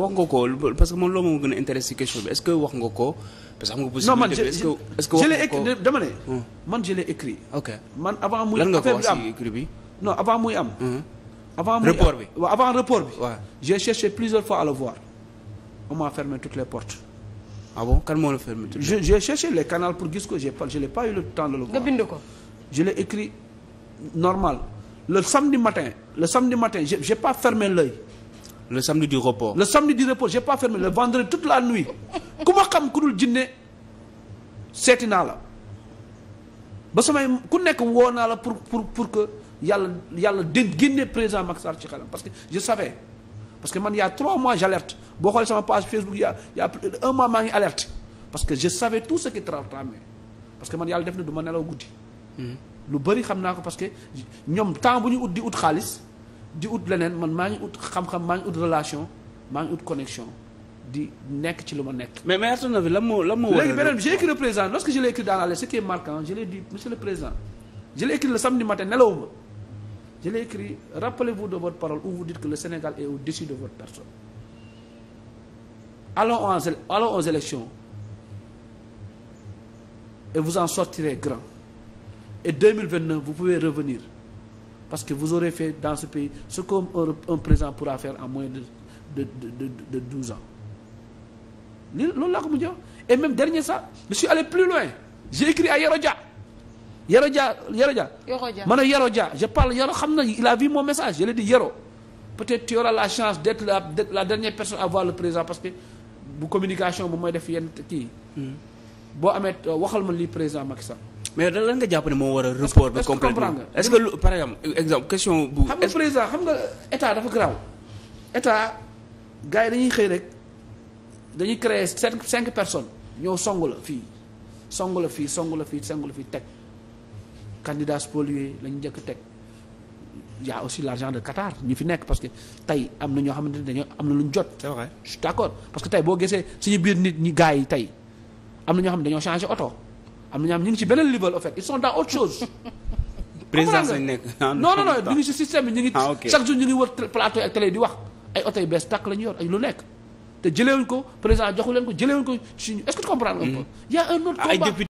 wax nga ko parce que man loolu moom gën a intéressé si bi est-ce que wax nga ko. parce que xam nga possibilité bi est-ce que est-ce que wax nga ko non man je dama ne. man je l'ai écrit. ok man avant muy. bi non avant muy am. avant muy report bi avant report bi. j'ai cherché plusieurs fois à le voir. on fermé toutes les portes. ah kan moo la fermé toutes les pour gis ko j'ai pas je n'ai le ko. je normal le samedi matin le samedi matin j'ai j'ai pas fermé l'œil le samedi du repos. le samedi du repos j'ai pas fermé le vendredi toute la nuit ku ma xam ku dul jinne seeti naa la ba samay ku nekk woo naa la pour pour pour que yàlla yàlla de génne président Macky Sall ci xelam parce que je savais parce que man mois alerte boo xoolee sama page Facebook y' a y' maa ngi alerte parce que je savais tout ce qui tramait que man yàlla def na du ma nelaw guddi. Hmm. lu bëri xam naa ko parce que ñoom temps bu ñu ut di ut xaalis. di ut leneen man maa ngi ut xam-xam maa ngi ut relation maa ngi ut connexion di nekk ci lu ma nekk. mais mais Arsène Avy lan moo lan moo. léegi beneen bi j'ai écrit le président lorsque je l'ai écrit dans la lettre ce qui est marquant je l'ai dit monsieur le président je l'ai écrit le samedi matin nelawuma je l'ai écrit rappelez-vous de votre parole où vous dites que le Sénégal est au-dessus de votre personne allons en allons aux élections et vous en sortirez grand et 2029 vous pouvez revenir. parce que vous aurez fait dans ce pays ce qu'un un président pourra en moins de de douze ans li loolu laa ko mujjee et même dernier ça je suis allé plus loin j'ai écrit à Yoro Dia Yoro Dia Yoro Dia ma ne ja Dia je parle Yoro xam na il a vu mon message je lui ai dit Yoro peut-être tu auras la chance d'être la la dernière personne à voir le président parce que bu communication bu may def yenn kii hmm. boo amee euh, waxal ma li président Macky Sall mais lan nga jàpp ne moo war a report bi complètement est ce que lu par exemple exemple question bu. xam nga président xam nga état gars yi dañuy xëy rek dañuy créer cinq cinq personnes ñoo song la fii song la fii song la fii song la fii teg candidats pollués lañu njëkk teg y aussi la argent de Qatar ñu fi nekk parce que tey am na ñoo xamante ne dañoo am na lu ñu jot. c'est vrai parce que tey boo gisee suñu biir nit ñi gars yi tey am na ñoo xam ne dañoo changé oto. am na ñoo xam ngi ci beneen level en fait ils sont dans autre chose. président nekk ah, non non non ñu ngi ci système bi ñu ngi. Ah, chaque jour ñu ngi wër plateau ak télé di wax ay oto yu bees tàkk la ñu yor ay lu nekk. te jëlewuñ ko président joxuleen ko jëlewuñ ko ci est-ce que tu comprends un peu. Mm-hmm.